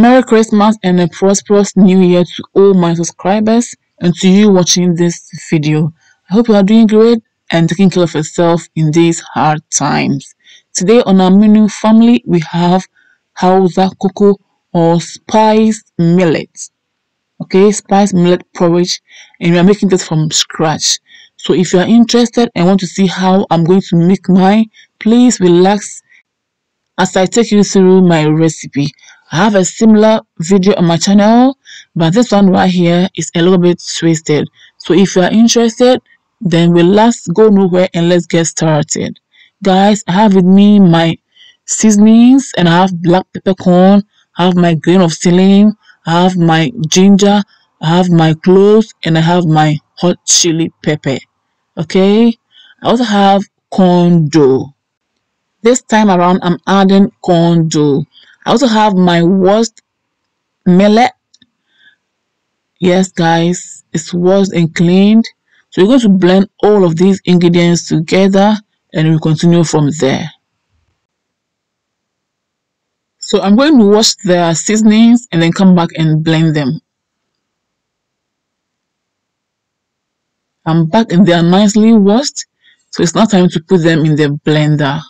Merry Christmas and a prosperous new year to all my subscribers and to you watching this video. I hope you are doing great and taking care of yourself in these hard times. Today on our menu family, we have Hausa cocoa or spiced millet. Okay, spiced millet porridge and we are making this from scratch. So if you are interested and want to see how I'm going to make mine, please relax as I take you through my recipe. I have a similar video on my channel, but this one right here is a little bit twisted. So if you are interested, then we'll let's go nowhere and let's get started. Guys, I have with me my seasonings and I have black peppercorn, I have my grain of saline, I have my ginger, I have my cloves, and I have my hot chili pepper. Okay, I also have corn dough. This time around, I'm adding corn dough. I also have my worst millet. Yes, guys, it's washed and cleaned. So we're going to blend all of these ingredients together and we continue from there. So I'm going to wash the seasonings and then come back and blend them. I'm back and they are nicely washed. So it's now time to put them in the blender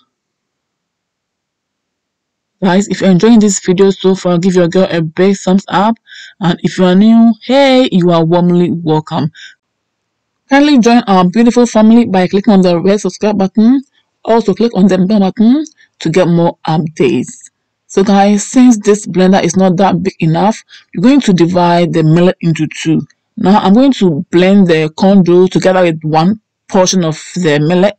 guys if you're enjoying this video so far give your girl a big thumbs up and if you are new hey you are warmly welcome kindly join our beautiful family by clicking on the red subscribe button also click on the bell button to get more updates so guys since this blender is not that big enough you're going to divide the millet into two now i'm going to blend the corn dough together with one portion of the millet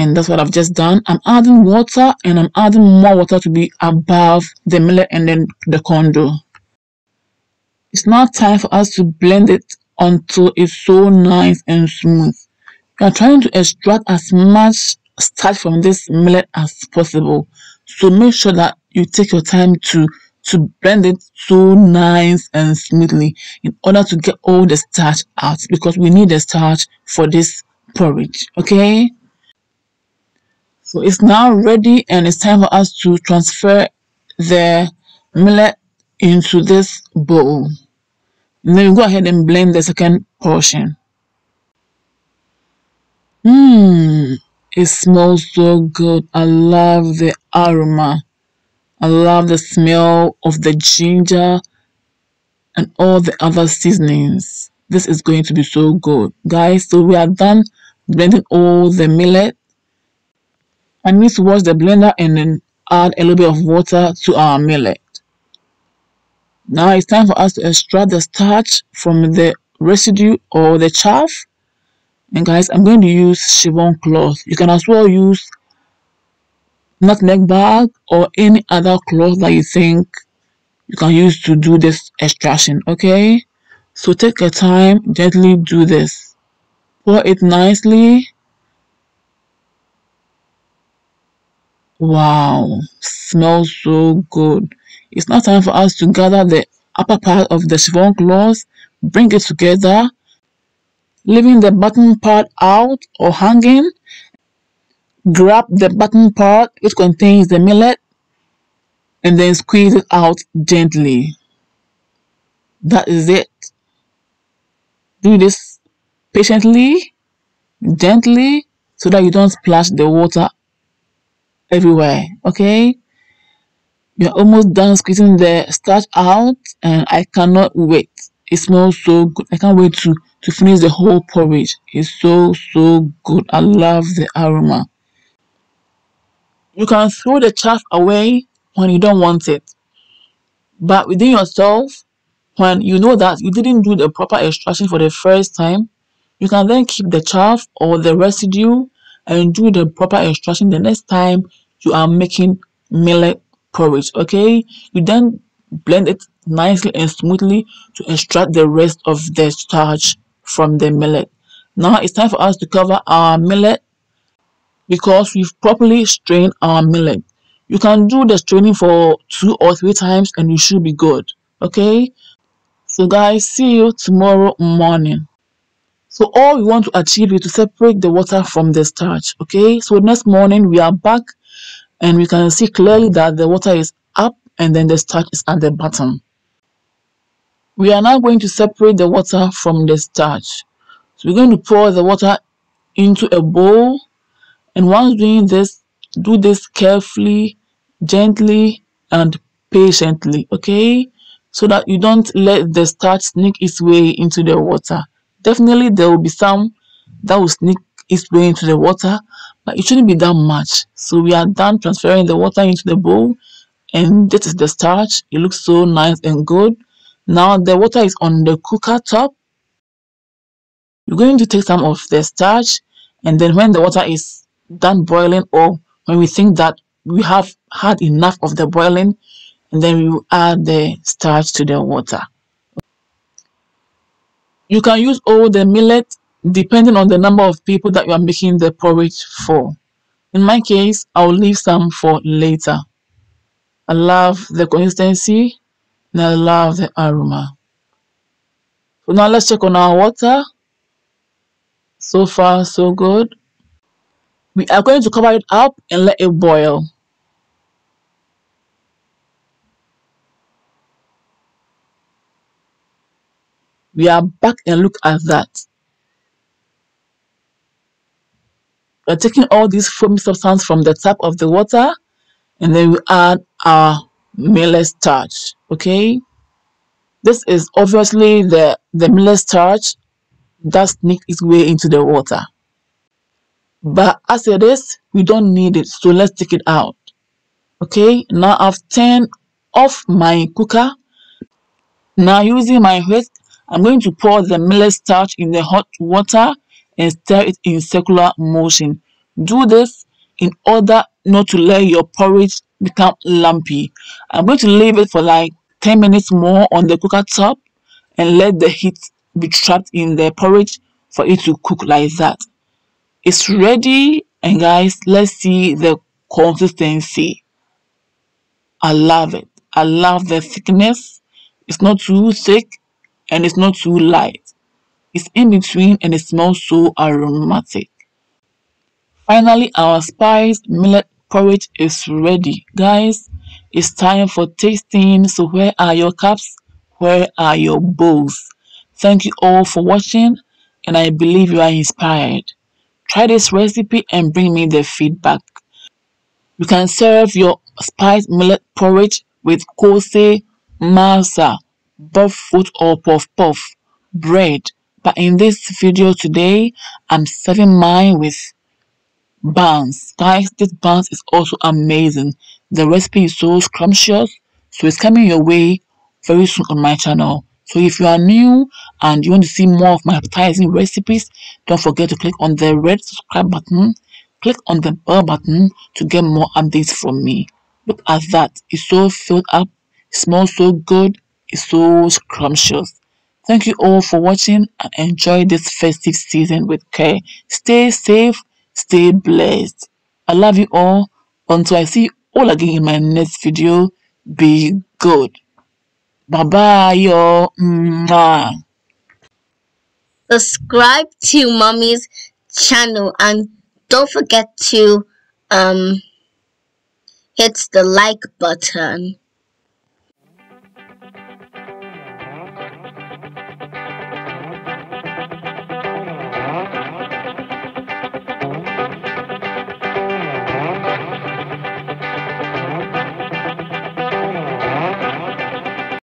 and that's what I've just done. I'm adding water and I'm adding more water to be above the millet and then the condor. It's now time for us to blend it until it's so nice and smooth. We are trying to extract as much starch from this millet as possible. So make sure that you take your time to to blend it so nice and smoothly in order to get all the starch out because we need the starch for this porridge okay so it's now ready and it's time for us to transfer the millet into this bowl. And then we go ahead and blend the second portion. Mmm, it smells so good. I love the aroma. I love the smell of the ginger and all the other seasonings. This is going to be so good. Guys, so we are done blending all the millet I need to wash the blender and then add a little bit of water to our millet. Now it's time for us to extract the starch from the residue or the chaff. And guys, I'm going to use chiffon cloth. You can as well use nutmeg bag or any other cloth that you think you can use to do this extraction, okay? So take your time, gently do this. Pour it nicely Wow, smells so good. It's now time for us to gather the upper part of the chiffon cloth, bring it together, leaving the bottom part out or hanging. Grab the bottom part which contains the millet and then squeeze it out gently. That is it. Do this patiently, gently, so that you don't splash the water everywhere okay you're almost done squeezing the starch out and i cannot wait it smells so good i can't wait to to finish the whole porridge it's so so good i love the aroma you can throw the chaff away when you don't want it but within yourself when you know that you didn't do the proper extraction for the first time you can then keep the chaff or the residue and do the proper extraction the next time you are making millet porridge okay you then blend it nicely and smoothly to extract the rest of the starch from the millet now it's time for us to cover our millet because we've properly strained our millet you can do the straining for two or three times and you should be good okay so guys see you tomorrow morning so all we want to achieve is to separate the water from the starch okay so next morning we are back and we can see clearly that the water is up and then the starch is at the bottom. We are now going to separate the water from the starch. So we're going to pour the water into a bowl and once doing this, do this carefully, gently and patiently, okay? So that you don't let the starch sneak its way into the water. Definitely there will be some that will sneak its way into the water now, it shouldn't be that much. So we are done transferring the water into the bowl and this is the starch. It looks so nice and good. Now the water is on the cooker top. You're going to take some of the starch and then when the water is done boiling or when we think that we have had enough of the boiling and then we add the starch to the water. You can use all the millet depending on the number of people that you are making the porridge for. In my case, I'll leave some for later. I love the consistency and I love the aroma. So now let's check on our water. So far, so good. We are going to cover it up and let it boil. We are back and look at that. We're taking all this foamy substance from the top of the water and then we add our millet starch, okay? This is obviously the, the millet starch that sneaked its way into the water. But as it is, we don't need it, so let's take it out. Okay, now I've turned off my cooker. Now using my whisk, I'm going to pour the millet starch in the hot water and stir it in circular motion. Do this in order not to let your porridge become lumpy. I'm going to leave it for like 10 minutes more on the cooker top and let the heat be trapped in the porridge for it to cook like that. It's ready and guys, let's see the consistency. I love it. I love the thickness. It's not too thick and it's not too light is in between and it smells so aromatic. Finally, our spiced millet porridge is ready. Guys, it's time for tasting. So where are your cups? Where are your bowls? Thank you all for watching and I believe you are inspired. Try this recipe and bring me the feedback. You can serve your spiced millet porridge with kose, masa, buff food, or puff puff, bread, but in this video today i'm serving mine with buns guys this buns is also amazing the recipe is so scrumptious so it's coming your way very soon on my channel so if you are new and you want to see more of my appetizing recipes don't forget to click on the red subscribe button click on the bell button to get more updates from me look at that it's so filled up it smells so good it's so scrumptious Thank you all for watching and enjoy this festive season with care. Stay safe, stay blessed. I love you all. Until I see you all again in my next video, be good. Bye-bye, y'all. Subscribe to Mommy's channel and don't forget to um, hit the like button.